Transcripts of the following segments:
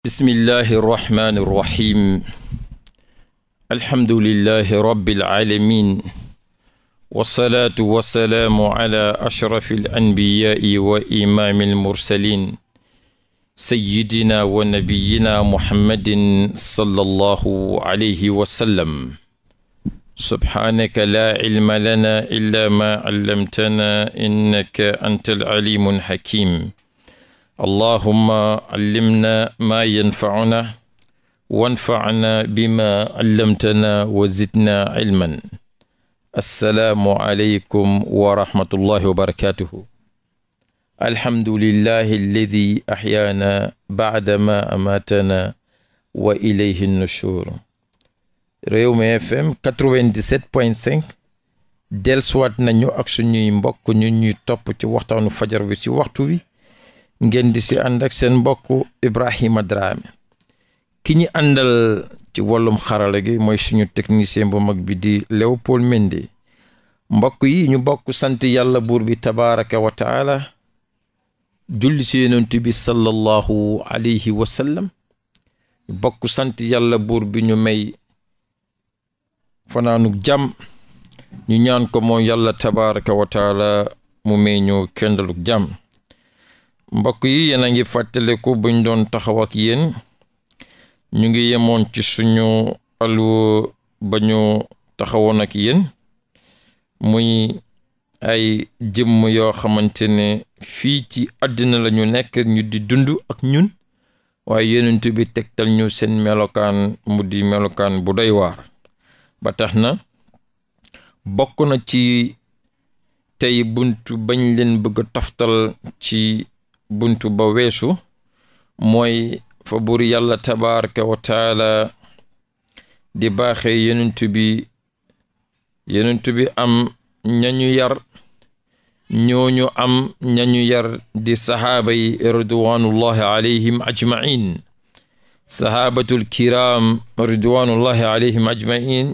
bismillahi irrahmani irrahim alhamdulilahi rabiilalamin walsalaatu wassalaamu ala ashrafi alanbiyaai wa imaami almursalin sayidina wa nabiyina muhammadin sallallahu alayhi wasallam subhaanaka laa cilma lana illa ma callamtana innaka anta alcalimu alxakim allahuma callimna maa yanfacuna wanfacna bimaa callamtana wa zidna cilman assalaamu aleykum wa rahmatullahi wa barakatuhu alhamdulillahi alladi axyaana bacdama amaatana wa ilayhi nushur Rewmi FM 97.5 dellusiwaat nañu ak suñuy mbokk ñu ñuy topp ci waxtaanu fajar bi ci waxtu wi ngeen di si ànd seen mbokku Ibrahima Dramé ki ñi àndal ci wàllum xarala gi mooy suñu technicien bu mag bi di Léopold Mendy mbokk yi ñu bokk sant yàlla buur bi tabaraka wa taala julli si yonent bi sallallahu alayhi wa sallam ñu bokk sant yàlla buur bi ñu may fanaanug jàmm ñu ñaan ko moom yàlla tabaraka wa mu may ñu kendalug jàmm mbokk yi yéen a ngi fàttaliku buñ doon taxaw ak yéen ñu ngi yemoon ci suñu alwo ba ñu taxawoon ak yéen muy ay jëmm yoo xamante ne fii ci àddina lañu nekk ñu di dund ak ñun waaye yonent bi tegtal ñu seen melokaan mu di melokaan bu doy waar ba tax na bokk na ci tey buntu bañ leen bëgg a taftal ci buntu ba weesu mooy fa buur yàlla tabaraka wa taala di baaxee yenentu bi yenentu bi am ñañu ñooñu am ñañu yar di sahaaba yi ridwanullahi alayhim ajmain sahaabatul kiram ridwanullahi alayhim ajmain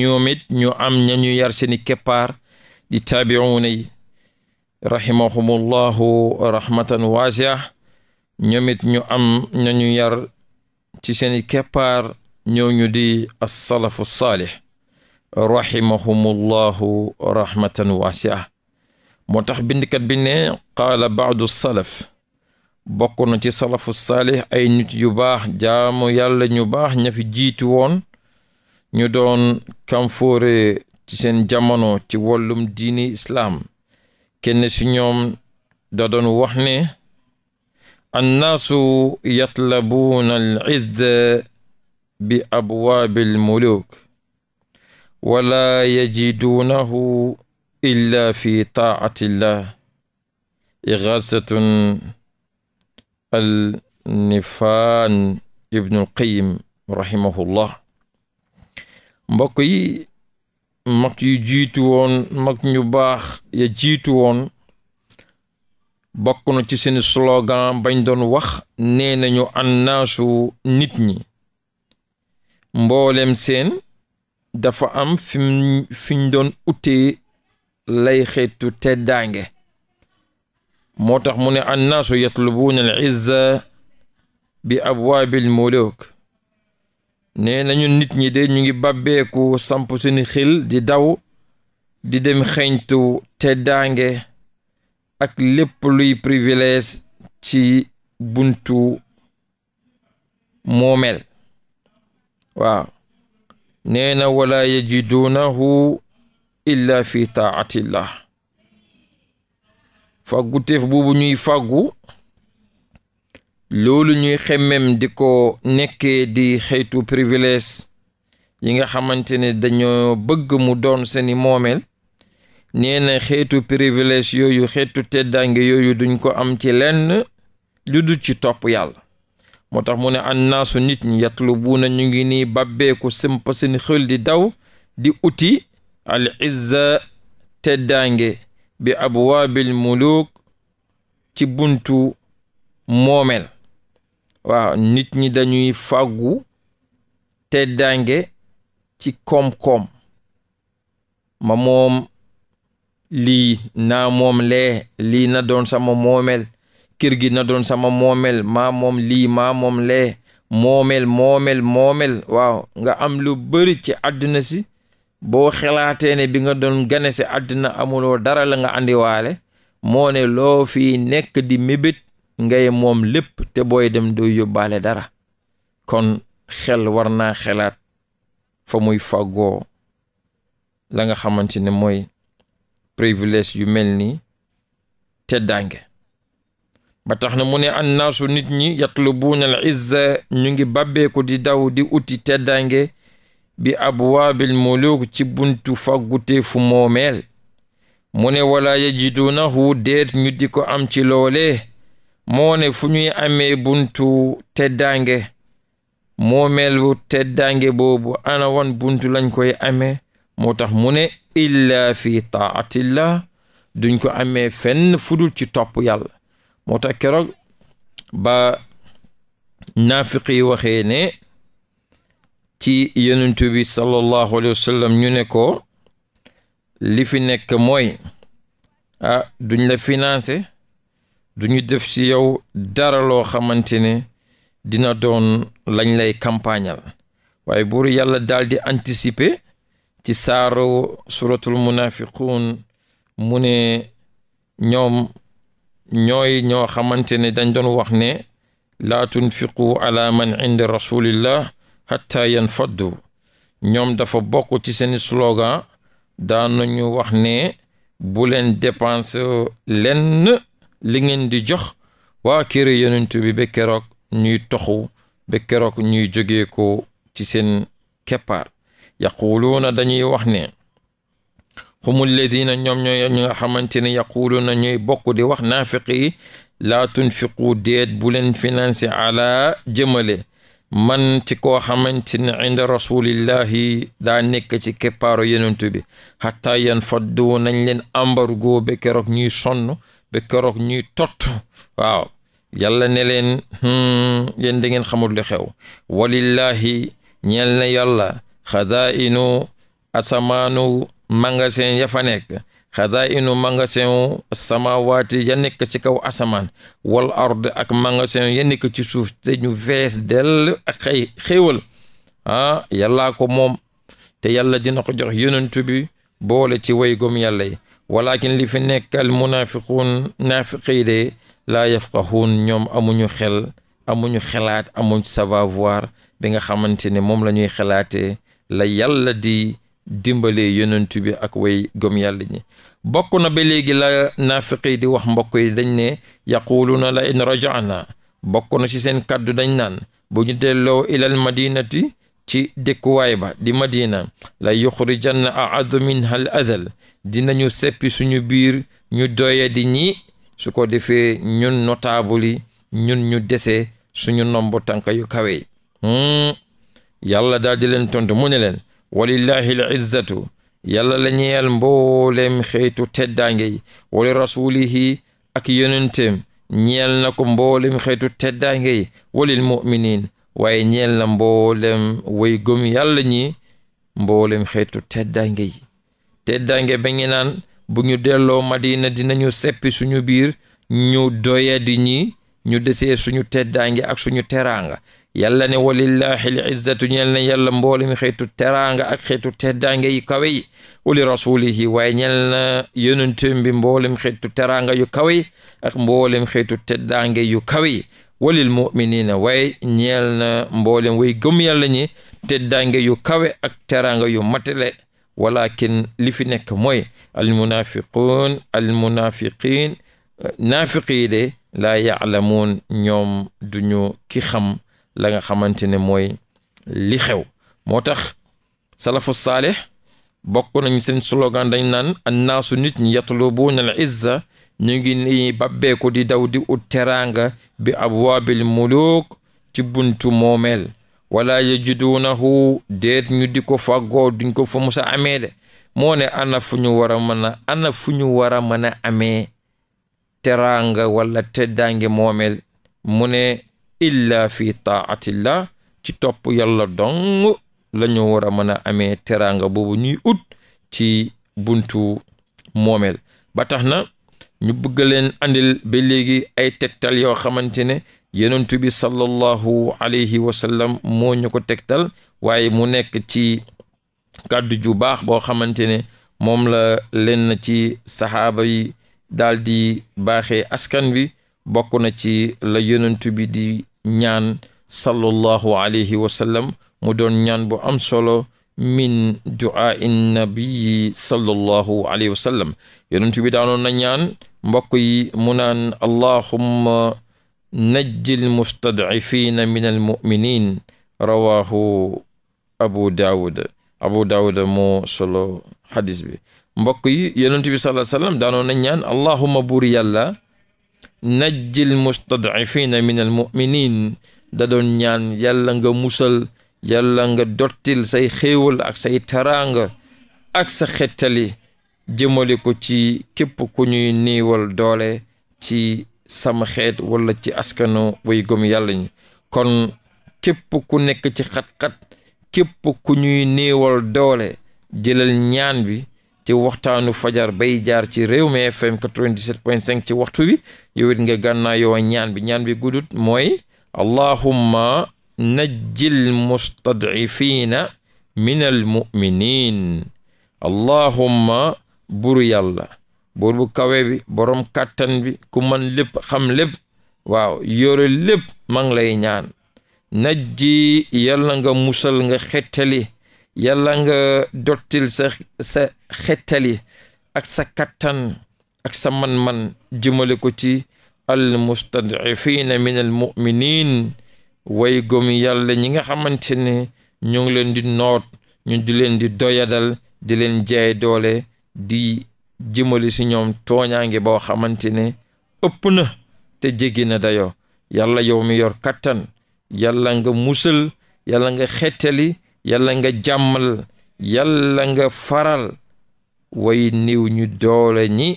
ñoomit ñu am ñañu yar seeni keppaar di taabiuna rahimahumullahu rahmatan waasia ñoom it ñu am nañu yar ci seeni keppaar ñooñu di asalafu saalih rahimahumullahu rahmatan waasia moo tax bindkat bi ne qaala baadu salaf bokk na ci salafu saalih ay nit yu baax jaamu yàlla ñu baax ña fi jiitu woon ñu doon kamfóore ci seen jamono ci wàllum diini islaam kenn ci ñoom da doon wax ne annaasu yatlabuuna al izza bi abwaabi al muluk wala yajiduunahu illa fi taatillah igasatun al nifaan ibnu alqayim rahimahullah mbokk yi mag yu jiitu woon ñu baax ya jiitu woon bokk na ci seen slogan bañ doon wax nee nañu annaasu nit ñi mboolem seen dafa am fi fiñ doon utee lay xeetu teddaange moo tax mu ne annaasu yatlubuuna al izza bi abwaabil molok nee nañu nit ñi de ñu ngi bàbbeeku samp seeni xel di daw di dem xeñtu teddaange ak lépp luy privilège ci buntu moomeel waaw nee na wala yajiduunahu illa fi taatillah fàgguteef boobu ñuy fàggu loolu ñuy xemmem di ko nekkee di xeetu privilège yi nga xamante ne dañoo bëgg mu doon seeni moomeel nee xeetu privilège yooyu xeetu teddaange yooyu duñ ko am ci lenn lu ci topp yàlla moo tax mu ne annaasu nit ñi yatlubuuna ñu ngi nii bàbbeeku simpa seen xel di daw di uti al izza teddaange bi abwaabil muluk ci buntu moomel waaw nit ñi dañuy fàggu te dange ci koom-koom ma moom lii naa moom lee lii na doon sama moomeel kër gi na doon sama moomeel maa moom lii maa moom lee moomeel moomeel waaw nga am lu bëri ci àdduna si boo xalaatee ne bi nga doon gane si àdduna amuloo dara la nga àndiwaale moo ne loo fii nekk di mébét ngay moom lépp te booy dem doo yóbbaale dara kon xel war naa xelaat fa muy fàggoo la nga xamante ne mooy privilège yu mel ni teddaange ba tax na mu ne annaasu nit ñi yatlubuuna al izza ñu ngi bàbbeeku di daw di uti teddaange bi abwaabil muluk ci buntu faggute fu moomeel mu ne wala yajiduunahu déet ñu di ko am ci loole moo fu ñuy amee buntu teddaange moomeelu teddaange boobu ana wan buntu lañ koy amee moo tax mu ne illa fi taatillah duñ ko amee fenn fudul ci topp yàlla moo tax keroog ba naafiqi waxee ne ci yonentu bi sallallahu alayhi wa ñu ne ko li fi nekk mooy ah duñ la financé duñu def ci yow dara loo xamante ne dina doon lañ lay campagnal waaye buur yàlla daal di ci saaro suratul munafiquun mu ne ñoom ñooy ñoo xamante ne dañ doon wax ne laa tunfiqu ala man inda rasulillah hatta yanfaddu ñoom dafa bokk ci seen slogan daanañu wax ne bu leen lenn li ngeen di jox waa kër yonent bi ba keroog ñuy toxu ba keroog ñuy jógee ko ci seen keppaar yaquluuna dañuy wax ne hum na ñoom ñooy ñu nga xamante ne yaquluuna ñooy bokk di wax naafiq yi laa tunfiqu déet bu leen financé ala jëmale man ci koo xamante ne inda rasulillahi daa nekk ci keppaaru yenentu bi xataa yan faddu nañ leen ambargoo ba keroog ñuy sonn ba keroog ñuy tot waaw yàlla ne leen hmm, yéen da xamul li xew walillahi ñeel na yàlla xazainu asamaanu magasin ya fa nekk xazainu magasin wu samawaati ya nekk ci kaw asamaan wal ard ak magasin ya nekk ci suuf te ñu fees dell ak xëy xéewal ah ko moom te yàlla dina ko jox yonent bi boole ci way gom yàlla yi walakin li fi nekkal munaafiquun naafiqi de laa yafqahuun ñoom amuñu xel amuñu xelaat amuñ savoir-faire bi nga xamante ne moom la ñuy xelaatee la yàlla di dimbale yonantu bi ak way gom yàlla ñi bokk na ba léegi la naafiqi di wax mbokk yi dañ ne yaquluuna la in rajaana bokk na ci seen kàddu dañ naan bu ñu delloo ilal madinati ci dëkkuwaay ba di madina la yuxrijanna aadu minha al adal dinañu seppi suñu biir ñu doye di ñi su ko defee ñun notable yi ñun ñu dese suñu nomb tànk yu kawee yi hmm. yàlla daal di leen tontu mu ne leen walillahi l izzatu yàlla la ñeel mbooleem xeetu teddaange yi wali rasulihi ak yonenteem ñeel na ko mboolem xeetu teddaange yi walil muminin waaye ñeel na mbooleem way gëm yàlla ñi mbooleem xeetu teddaange yi teddange ba ñu naan bu ñu delloo madina dinañu seppi suñu biir ñu doyadi ñi ñu desee suñu teddange ak suñu teraanga yàlla ne walillahi l izzatu ñel na yàlla mboolem xeetu teraanga ak xeetu teddange yu kawe yi wali rasulihi waaye ñel na yonenteem bi mboolem xeetu teraanga yu kawe ak mboolem xeetu teddange yu kawe yi walil muminina waaye ñeel na mboolem way gëm yàlla ñi teddange yu kawe ak teraanga yu matale walakin li fi nekk mooy almunafiqun almunafiqin naafiq de laa yaalamuun ñoom duñu ki xam la nga xamante ne mooy li xew moo tax salafu saalih bokk nañ seen slogan dañ naan annaasu nit ñi yatlubuuna al izza ñu ngi nii babbeeku di daw di ut teraanga bi abwaabil muluk ci buntu moomeel wala yajiduunahu déet ñu di ko fàggoo duñ ko fa musa amee de moo ne ana fu ñu war a ana fu ñu war a mën a amee teraanga wala teddaange moomeel mu ne illa fi taatillah ci topp yàlla dong la ñu war a mën a amee teraanga boobu ñuy ut ci buntu moomel ba tax na ñu bëgg leen andil léegi ay tegtal yoo xamante ne yonentu bi sallallahu alayhi wa sallam moo ñu ko tegtal waaye mu nekk ci kàddu ju baax boo xamante ne moom la lenn ci saxaaba yi daldi baaxe askan wi bokk na ci la yonentu bi di ñaan sallallahu alayhi wa sallam mu doon ñaan bu am solo min du'aain nabii sallallahu alayhi wa sallam yonentu bi daanoon na ñaan mbokk yi mu naan allahumma najjil mustadcifiina min almuminin rawahu abu daawuda abu daawuda moo solo xadis bi mbokk yi yonent bi sallallahu alayhi wasallam daanoon na ñaan allahuma buur yàlla najjil mustadcifiina min almuminin da doon ñaan yàlla nga musal yàlla nga dottil say xéewal ak say taraanga ak sa xettali jëmale ko ci képp ku ñuy niiwal doole ci sama xeet wala ci askanu way gëm yàlla ñi kon képp ku nekk ci xat-xat képp ku ñuy néewal doole jëlal ñaan bi ci waxtaanu fajar bay jaar ci réew mi FM 97.5 ci waxtu wi yow it nga gànnaa yow ñaan bi ñaan bi guddut mooy allahumma najjil mustad'ifina min al mu'minin allahumma buru yàlla buur bu kawe bi borom kàttan bi ku man lépp xam lépp waaw yore lépp maa lay ñaan najji yàlla nga musal nga xettali yàlla nga dottil sa sa xettali ak sa kàttan sa man-man jimale ko ci al mustad'ifina min al muminin way gomi yàlla ñi nga xamante ne ñu ngi leen di noot ñu di leen di doyadal di leen jaay doole di jëmali si ñoom tooñaange boo xamante ne ëpp na te jéggi na dayoo yàlla yow mi yor kattan yàlla nga musal yàlla nga xettali yàlla nga jàmmal yàlla nga faral way niw ñu doole ñi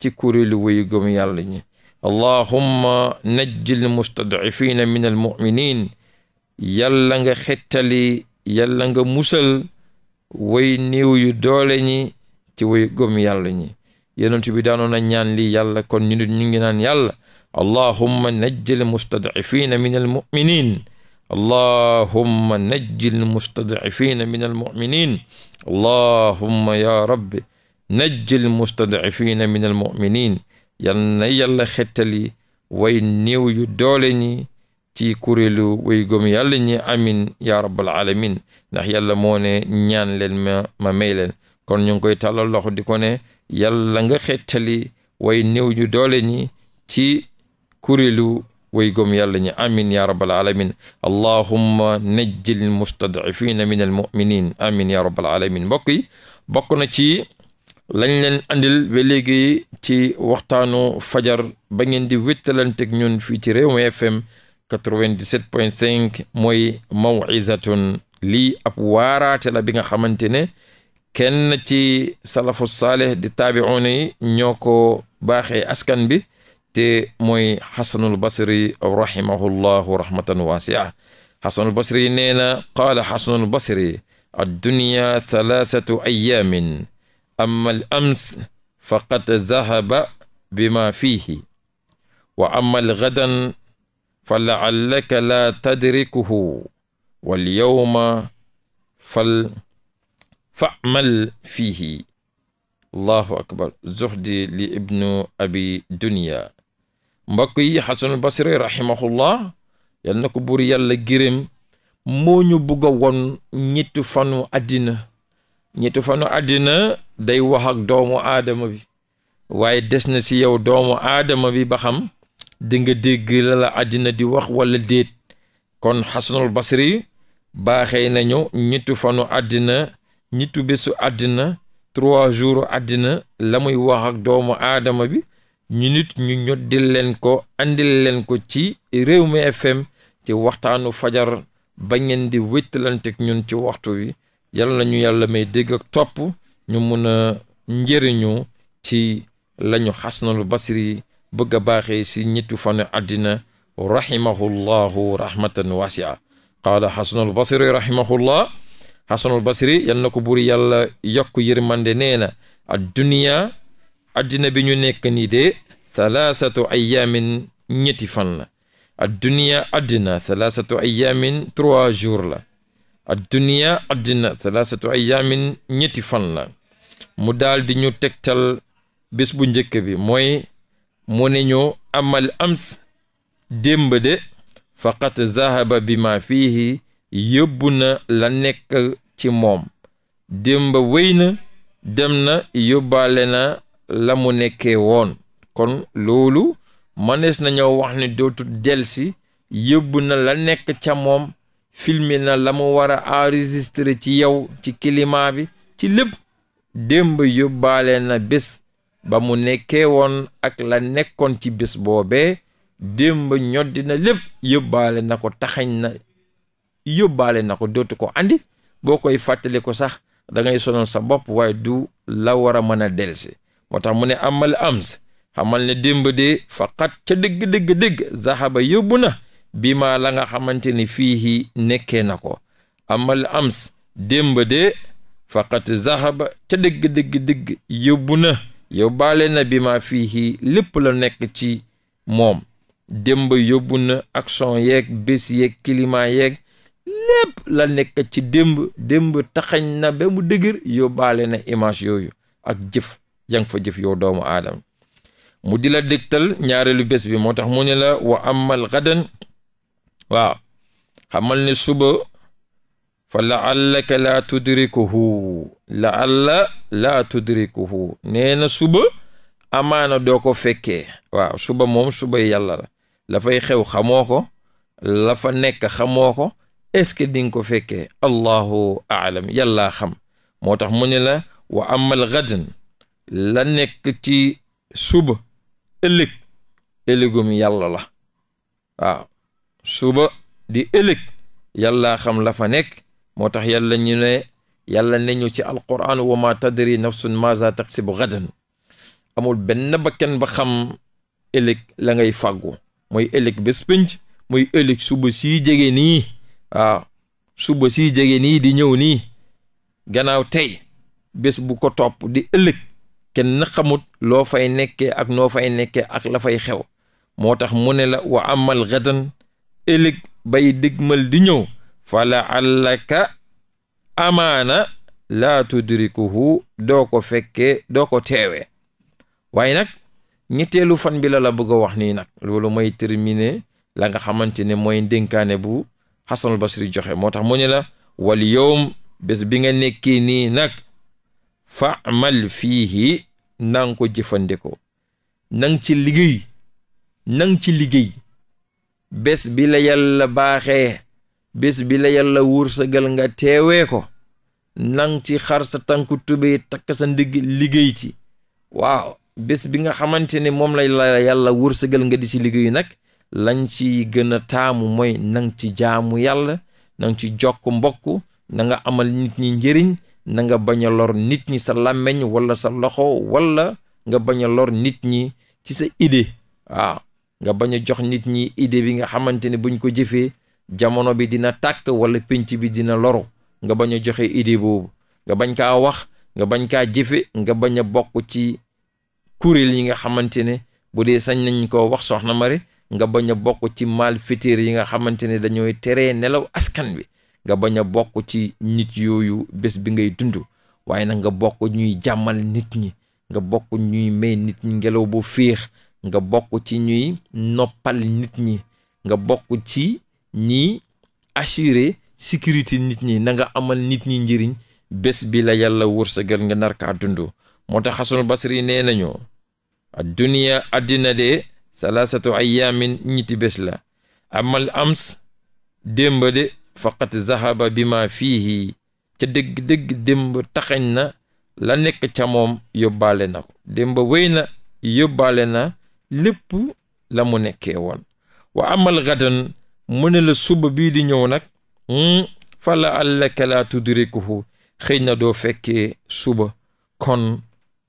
ci kuréelu wayu gëm yàlla ñi allahumma najjil mustad'ifina min al muminin nga xettali yàlla nga musal way doole ñi ci way gëm yàlla ñi yonent bi daanoon na ñaan li yàlla kon ñu nit ñu ngi naan yàlla allahumma najjil mustad'ifina min al muminin allahumma najjil mustad'ifina min al muminin allahumma ya rabbi najjil mustad'ifina min al muminin yal na yàlla xettali way néew yu doole ni ci kuréelu way gëm yàlla ñi amin ya alamin ndax yàlla moone ne ñaan leen ma ma may leen kon ñu ngi koy tàllal loxo di kone ne yàlla nga xettali way néew ju doole ni ci kuréelu way gom yàlla ñi amin ya rabbal alamin allahumma najjil mustad'ifina min al muminin amin ya rabbal alamin mbokk yi bokk na ci lañ leen andil ba léegi ci waxtaanu fajar ba ngeen di wéttalanteeg ñun fii ci Rewmi FM 97.5 mooy maw'izatun lii ab waaraate la bi nga xamante ne kenn ci salafu saalih di taabi'uuna yi ñoo ko baaxee askan bi te mooy xasanul basri rahimahullahu rahmatan waasia xasanul basri nee na qaala xasanul basri addunya salaasatu ayaamin amma al ams faqad zahaba bima fiihi wa amma al gadan fa laallaka laa tadrikuhu wal yowma fal famal fiihi allahu akbar zuhdi li ibnu abi dunia mbokk yi xasanul basri rahimahullah yal ko buur yàlla gërëm moo ñu bugg a won ñetti fanu àddina ñetti fanu àddina day wax doomu aadama bi waaye des na ci yow doomu aadama bi ba xam di nga dégg di wax walla déet kon xasanul basri baaxee nañu ñetti fanu àddina nitu bésu addina trois jours àddina la muy wax ak doomu aadama bi ñu nit ñu ñoddil leen ko andil leen ko ci réew mi fm ci waxtaanu fajar ba ngeen di wéttalanteeg ñun ci waxtu wi yàlla na ñu yàlla may dégg ak topp ñu mun a njëriñu ci lañu xasanul basri bëgg a baaxee si ñetti fanu àddina rahimahullahu rahmatan wasia qaala xasanul basri rahimahullah xasanul basri yal na ko buur yàlla yokk yërmande nee na adduniya addina bi ñu nekk nii de thalathatu ayamin ñetti fan la adduniya addina thalathatu ayamin trois jours la adduniya addina thalathatu ayamin ñetti fan la mu daldi di ñu tegtal bés bu njëkk bi mooy mu ne ñu amal ams démb de faqat zahaba bi ma fiihi yóbbu na la nekk ci moom démb wéy na dem na yóbbaale na la mu nekkee woon kon loolu mënees nañoo wax ne dootu delsi yóbbu na la nekk ca moom filme na la mu war a enregistré ci yow ci climat bi ci lépp démb yóbbaale na bés ba mu nekkee woon ak la nekkoon ci bés boobee démb ñoddi na lépp yóbbaale na ko taxañ na yóbbaale na ko dootu ko andi boo koy fàttali ko sax da ngay sonal sa bopp waaye du la war a mën a delsi moo tax mu ne amal ams xamal ne démb de faqat ca dëgg yóbbu na bi ma la nga xamante ni fii nekkee na ko amal ams démb de faqat ca dëgg yóbbu na yóbbaale na bi ma fii lépp la nekk ci moom démb yóbbu na action yeeg bés yeeg climat yeeg lépp la nekk ci démb démb taxañ na ba mu dëgër yóbbaale na image yooyu ak jëf ya nga fa jëf yow doomu aadama mu di la dégtal ñaareelu bés bi moo tax mu ne la wa amal gadan waaw xamal ne suba fa laallaka laa tudrikuhu laalla laa tudrikuhu nee na suba amaana doo ko fekkee waaw suba moom suba yàlla la la fay xew xamoo ko la fa nekk xamoo ko est-ce que di nga ko fekkee allahu alam yàllaa xam moo tax mu ne la wa amal gadan la nekk ci suba ëllëg ëllëgum yàlla la a suba di ëllëg yàllaa xam la fa nekk moo tax yàlla ñu ne yàlla ne ñu ci alquran wa ma tadri nafsun maza taksibu gadan amul benn bakkan ba xam ëllëg la ngay fàggu mooy ëllëg bés pënc muy suba sii jege nii waaw suba si jege nii di ñëw nii gannaaw tey bés bu ko topp di ëllëg kenn xamut loo fay nekkee ak noo fay nekkee ak la fay xew moo tax mu ne la wa amal gadan ëllëg bay dëgmal di ñëw fala la allaka amaana laa tudrikuhu doo ko fekkee doo ko teewee waaye nag ñetteelu fan bi la la bëgg a wax nii nag loolu mooy terminer la nga xamante ne mooy ndénkaane bu xasanul basri joxe moo tax mu ne la wal yowm bés bi nga nekkee nii nag faamal fiihi na nga ko jëfandikoo na nga ci liggéey nang ci liggéey bés bi la yàlla baaxee bés bi la yàlla wursagal nga teewee ko nang ci xar sa tànku tubéy takk liggéey ci waaw bés bi nga xamante ne moom la la yàlla wursagal nga di ci liggéey nag lañ ci gën a taamu mooy nang ci jaamu yàlla nang ci jokk mbokk na amal nit ñi njëriñ na nga bañ a lor nit ñi sa làmmeñ walla sa loxo walla nga bañ a lor nit ñi ci sa idée waaw nga bañ a jox nit ñi idée bi nga xamante ne buñ ko jëfee jamono bi dina tàkk wala pénc bi dina loro nga bañ a joxe idée boobu nga bañ kaa wax nga bañ kaa jëfe nga bañ a bokk ci kuréel yi nga xamante ne bu dee sañ nañ ko wax soxna Mari nga bañ a bokk ci malfaiteurs yi nga xamante ne dañooy teree nelaw askan wi nga bañ a bokk ci nit yooyu bés bi ngay dund waaye nag nga bokk ñuy jàmmal nit ñi nga bokk ñuy may nit ñi ngelaw bu féex nga bokk ci ñuy noppal nit ñi nga bokk ci ñi assurer sécurité nit ñi na nga amal nit ñi njëriñ bés bi la yàlla wërsëgal nga nar dund moo tax xasanul basri nee nañu duniya àddina de salaasatu ayaamin ñitti bés la amal ams démb de faqat zahaba bi ma fiihi ca dëgg-dëgg démb taxañ na la nekk ca moom yóbbaale na ko démb wéy na yóbbaale na lépp la mu nekkee woon wa amal gadan mu ne la suba bii di ñëw nag hmm, fala la allaka laa tudrikuhu xëy na doo fekke suba kon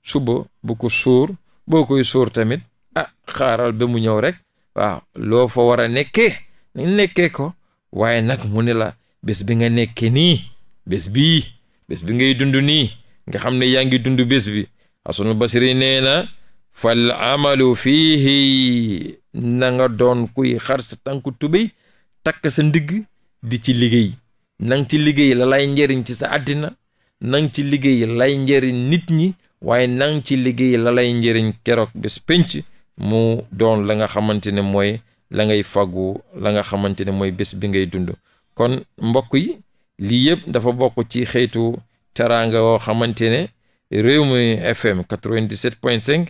suba bu ko sóor boo koy sóor tamit ah xaaral ba mu ñëw rek waaw loo fa war a nekkee nekkee ko waaye nag mu ne la bés bi nga nekke nii bés bi bés bi ngay dund nii nga xam ne yaa ngi dund bés bi Hasanul Basri nee na fal amalu fiihi na nga doon kuy xar sa tànku tubéy takk sa ndigg di ci liggéey nang ci liggéey la lay njëriñ ci sa àddina nang ci liggéey lay njëriñ nit ñi waaye nang ci liggéey la lay njëriñ keroog bés pénc mu doon la nga xamante ne mooy la ngay fàggu la nga xamante ne mooy bés bi ngay dund kon mbokk yi lii yëpp dafa bokk ci xeetu taraanga woo xamante ne réew mi FM 97.5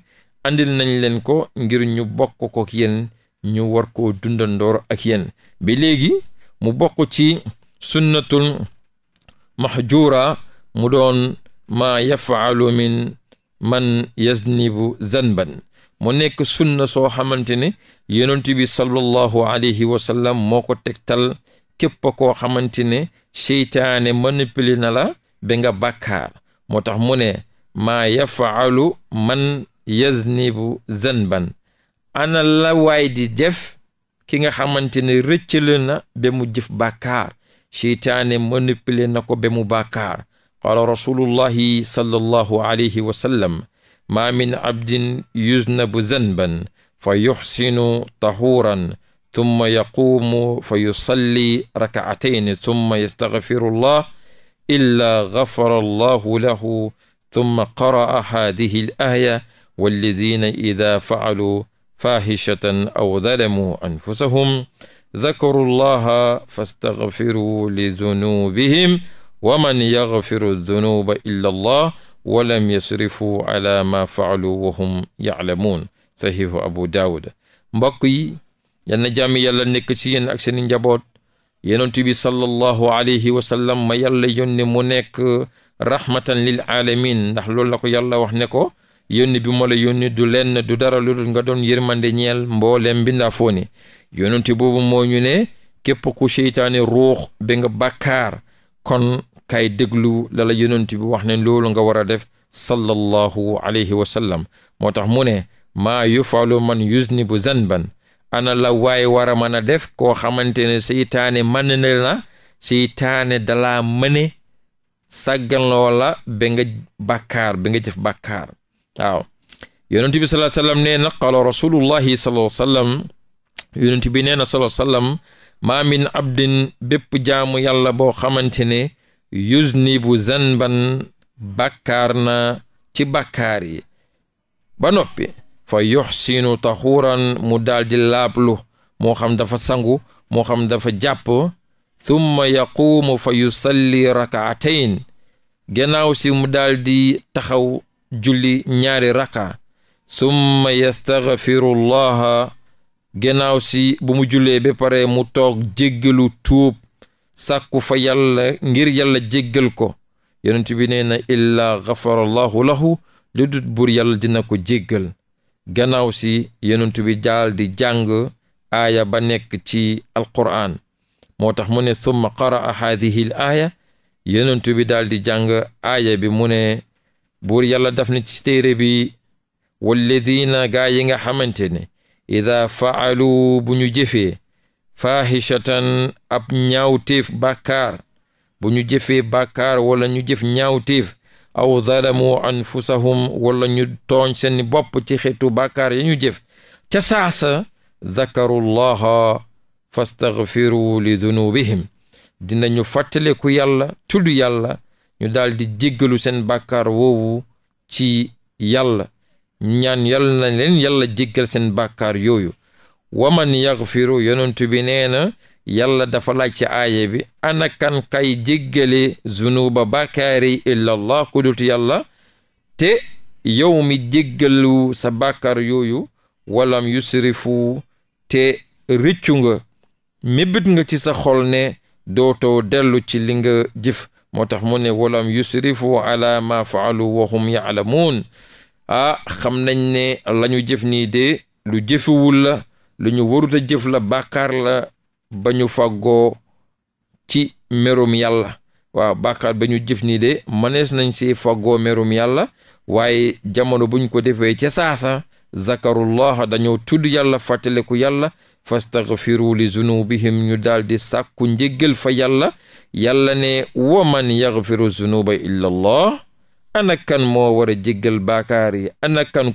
nañ leen ko ngir ñu bokk ko ak yéen ñu war koo dundandoor ak yéen bi léegi mu bokk ci sunnatul mahjura mu doon ma yafaalu min man yasnibu zanban mu nekk sunna soo xamante ne yonent bi sallallahu alayhi wa sallam moo ko tal képp koo xamante ne seytaane manipulé na la ba nga bàkkaar moo tax mu ne maa yafaalu man yaznibu zanban ana la waay di def ki nga xamante ne rëccale na ba mu jëf bàkkaar seytaane manipulé na ko ba mu bàkkaar qaala rasulullahi sallallahu alayhi wa sallam maa min abdin yuznabu zanban fa yuxsinu tahuuran tumma yaquumu fa yusalli rakaatayni tumma yastaghfirullah illaa gafara allahu lahu tumma qaraa haadihi al aaya walladina ida facaluu faaxishatan aw dalamuu anfusahum dakaru llaha fastaghfiruu lidunuubihim wa man yaghfiru dunuuba illa allah walam yasrifu ala ma faalu wahum yaalamuun sahihu abu daawud mbokk yi yal na jàmm yàlla nekk ci yéen ak seen njaboot yonent bi sallallahu alayhi wa sallam ma yalla yónni mu nekk rahmatan lil aalamin ndax loolu la ko yàlla wax ne ko yónni bi ma la du lenn du dara lu dul nga doon yërmande ñeel mboolem bi ndaa foo ni yonent boobu ñu ne képp ku seytaane ruux bi nga kon kay déglu lala yonent bi wax ne loolu nga war a def sallallahu alayhi wa moo tax mu ne maa yufalu man yuznibu zanban ana la waay wara a a def koo xamante ne seytaane mën na na seytaane dalaa mëne sàggan loola ba nga bàkkaar ba nga jëf bàkkaar waaw yonent bi sallallahu sallallahu sallam maa min abdin bépp jaamu yàlla boo xamante ne yuznibu zanban bàkkaar na ci bàkkaar yi ba noppi fa yuxsinu tahuuran mu daldi di laablu moo xam dafa sangu moo xam dafa jàpp thumma yaquumu fa yusalli rakaatayn gannaaw si mu daal di taxaw julli ñaari raka summa yastaghfirullaha gannaaw si bu mu jullee ba mu toog jéggalu tuub sàkku fa yàlla ngir yàlla jéggal ko yonent bi nee na illaa gafarallahu lahu lu dut buur yàlla dina ko jéggal gannaaw si yonent bi daal di jàng aaya ba nekk ci alquraan moo tax mu ne summa qaraa haadihi l bi daal di jàng aaya bi mu ne buur yàlla daf ne ci téere bi walladina gaa yi nga xamante ne ida faalu bu ñu jëfee fahishatan ab ñaawteef bàkkaar bu ñu jëfee bàkkaar wala ñu jëf ñaawtiif aw zalamu anfusahum wala ñu tooñ seen bopp ci xeetu bàkkaar ya ñu jëf ca saasa zakarullaha fastaghfiru li dunubihim dinañu fàttaleku yalla tuddu yàlla ñu daldi di seen bàkkaar woowu ci yàlla ñaan yàlla na leen yalla jéggal seen bakkaar yooyu waman yaxfiru yonentu bi nee na yàlla dafa laaj ci aaye bi anakan kay jéggale zunuba bàkkaari illallah ku dut yàlla te yow mi jéggalu sa bàkkaar yooyu walam yusrifu te riccu nga mébét nga ci sa xol ne dooto dellu ci li nga jëf moo tax mu ne walam yusrifu ala ma faalu wahum yaalamuun ah xam nañ ne lañu jëf nii de lu jëfewul la lu ñu warut a jëf la bàkkaar la ba ñu faggoo ci merum yàlla waaw bàkkaar ba ñu jëf nii de mënees nañ si faggoo merum yàlla waaye jamono buñ ko defee ca saasa zakarullah dañoo tudd yàlla fàttaliku yàlla fastaghfiru li zunubihim ñu daldi di sàkku njéggal fa yàlla yalla ne wa man yaghfiru zunuba illa allah moo war a jéggal baakaar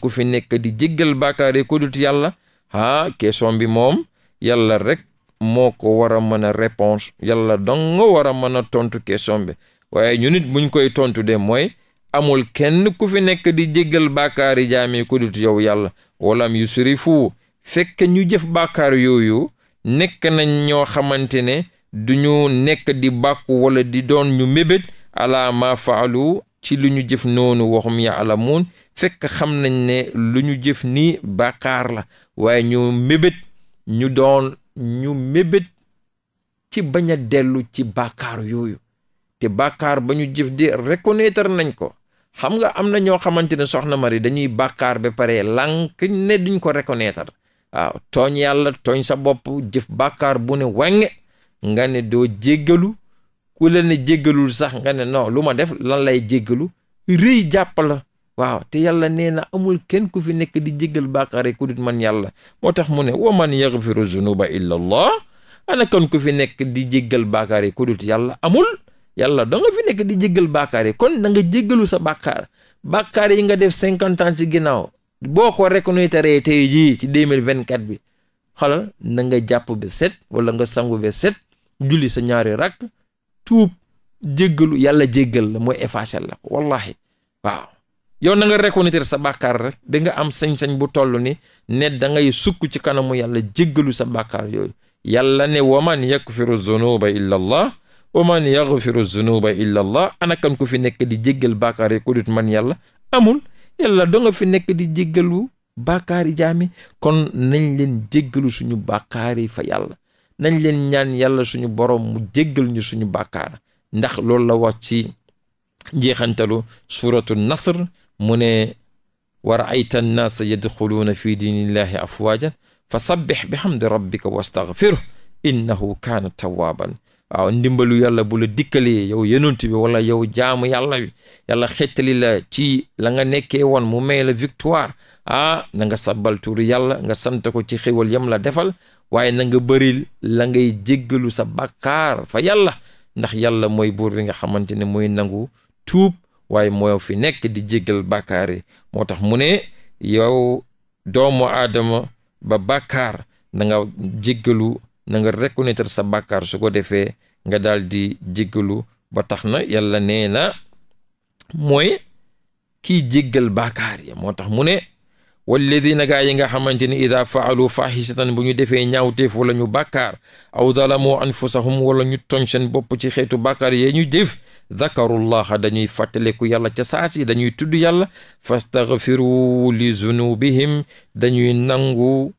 ku fi nekk di jéggal baakaar yi dut yàlla ah question bi moom yalla rek moo ko war a mën a réponse yàlla dong nga war a mën a tontu question bi waaye ñu nit buñ koy tontu de mooy amul kenn ku fi nekk di jéggal bàkkaari jaami ku dut yow yàlla walam yusrifu fekk ñu jëf bàkkaar yooyu nekk nañ ñoo xamante ne ñu nekk di bakku wala di doon ñu mébét ala ma faalu ci lu ñu jëf noonu waxum yaalamuun fekk xam nañ ne lu ñu jëf nii bàkkaar la waaye ñu mébét ñu doon ñu mébét ci bañ a dellu ci bàkkaar yooyu te bàkkaar ba ñu jëf di reconnaître nañ ko xam nga am na ñoo xamante ne soxna Mari dañuy bàkkaar ba pare lànk ne duñ ko reconnaître waaw tooñ yàlla tooñ sa bopp jëf bàkkaar bu ne wàññe nga ne doo jéggalu ku la ne jéggalul sax nga ne non lu ma def lan lay jéggalu rëy jàpp waaw te yàlla nee na amul kenn ku fi nekk di jéggal bàkkaare ku dut man yàlla moo tax mu ne wa man yaxfiru zunuba illa allah ana kon ku fi nekk di jéggal bàkkaare ku dut yàlla amul yàlla doo fi nekk di jéggal bàkkaare kon da nga jéggalu sa bàkkaar bàkkaar yi nga def cinquante ans ci ginnaaw boo ko reconnaître tey jii ci deux mille vingt quatre bi xalal na nga jàpp ba set wala nga sangu ba set julli sa ñaari rakk tuub jéggalu yàlla jéggal la mooy effacer la wallahi yow na nga reconnaître sa bàkkaar rek da nga am sañ-sañ bu toll ni ne da ngay sukk ci kanamu yàlla jéggalu sa bàkkaar yooyu yàlla ne waman yakfiru zunuba illa allah waman yaghfiru zunuba illa allah anakan ku fi nekk di jéggal bàkkaar yi man yàlla amul yàlla do fi nekk di jéggalu bàkkaari jaami kon nañ leen jéggalu suñu bàkkaar yi fa yàlla nañ leen ñaan yàlla suñu borom mu jéggal ñu suñu bàkkaar ndax loolu la wax ci njeexantalu suratu nasr mu ne wa raayta annaasa yadxuluuna fi diinillahi afwaajan fa sabbix bi hamdi rabbika wastaghfirhu innahu kaana tawaaban waaw ndimbalu yàlla bu la dikkalee yow yonent bi wala yow jaamu yàlla bi yàlla xettali la ci la nga nekkee woon mu may la victoire ah na nga sabbal tuuru yàlla nga sant ko ci xéwal yam la defal waaye nanga nga bëril la ngay jéggalu sa bàkkaar fa yàlla ndax yàlla mooy buur bi nga xamante ne mooy nangu tuub waaye moo fi nekk di jéggal bàkkaar yi moo tax mu ne yow doomu aadama ba bàkkaar na nga jéggalu na nga sa bàkkaar su ko defee nga daldi di ba tax na yàlla nee na mooy ki jéggal bàkkaar yi moo tax mu ne walladina gaa yi nga xamante ni ida faalu fahishatan bu ñu defee ñaawteef wala ñu bàkkaar aw zalamu anfusahum wala ñu toñ seen bopp ci xeetu bàkkaar yee ñu jëf zakarullaha dañuy fàttaleku yàlla ca saasi dañuy tudd yàlla fastaghfiru li zunubihim dañuy nangu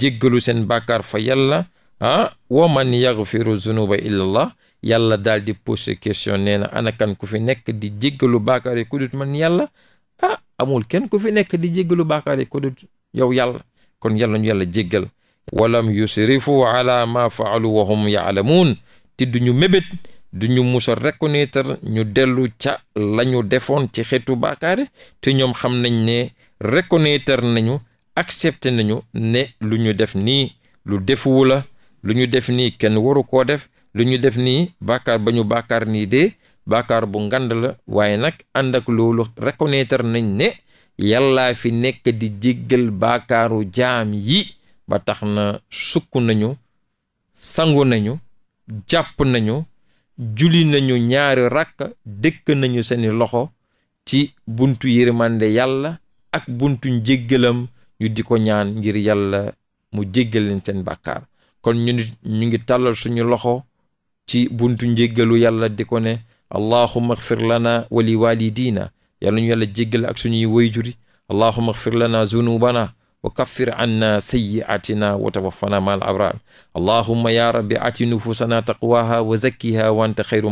jéggalu seen bàkkaar fa yàlla ah wa man yaghfiru zunuba illallah yàlla daal di posé question nee na anakan ku fi nekk di jéggalu bàkkaar yi ku man yàlla ah amul kenn ku fi nekk di jéggalu bàkkaar yi ko du yow yàlla kon yàlla ñu yàlla jéggal walam yusrifu ala ma faalu wahum yaalamuun te du ñu mébét du ñu mus a reconnaître ñu dellu ca la ñu defoon ci xeetu bàkkaar te ñoom xam nañ ne reconnaître nañu accepté nañu ne lu ñu def nii lu defuwu lu ñu def nii kenn waru koo def lu ñu def nii bàkkaar ba ñu bàkkaar nii de bàkkaar bu ngand la waaye nag ànd ak loolu reconnaître nañ ne yàllaa fi nekk di jéggal bàkkaaru jaam yi ba tax na sukk nañu sangu nañu jàpp nañu juli nañu ñaari ràkk dëkk nañu seeni loxo ci buntu yërmande yàlla ak buntu njéggalam ñu di ko ñaan ngir yàlla mu jéggal leen seen bàkkaar kon ñu ñu ngi tàllal suñu loxo ci buntu njéggalu yàlla di ko ne allahuma xfir lana wa li walidina yàlla ñu yàlla jéggal ak suñuy wayjuri allahuma xfir lana zunubana wa kaffir anna sayyi'atina wa tawaffana ma'al abrar allahuma ya rabbi ati nufusana taqwaha wa zakkiha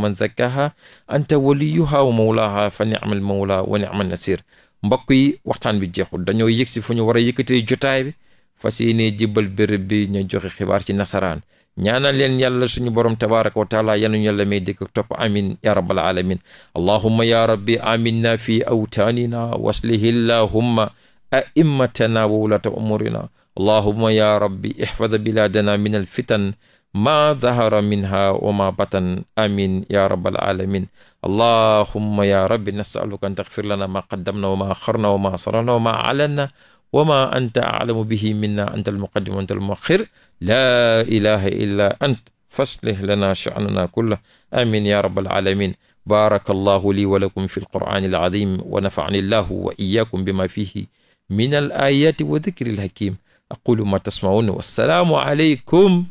man zakkaha anta waliyuha wa mawlaha fa ni'mal mawla wa nasir mbokk yi waxtaan bi jeexul dañoo yëg si fu ñu war a yëkkatee jotaay bi fas yéenee jébbal bérëb bi ñu joxe xibaar ci nasaraan ñaanal leen yàlla suñu borom tabaraka wa taala yanuñu yàlla may dëkk topp amin ya rabbal alamin allahumma ya rabbi aminna fi awtaanina waslihi allahumma a'immatana wa wulata umurina allahumma ya rabbi ihfad biladana min alfitan ma dahara minha wa ma batan amin ya rabbal alamin allahumma ya rabbi nasaluka an taghfir lana ma qaddamna wa ma akharna wa ma asrarna wa ma alanna wa ma anta aalamu bihi minna anta almuqaddim anta almuaxir laa ilaha illa ant faslih lana sha'nana kullah amin ya rabbal alamin baraka allahu li wa lakum fi alqur'ani alazim wa nafa'ani allahu wa iyyakum bima fihi min alayati wa dhikri alhakim aqulu ma tasma'un wassalaamu alaykum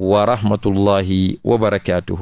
wa rahmatullahi wa barakatuhu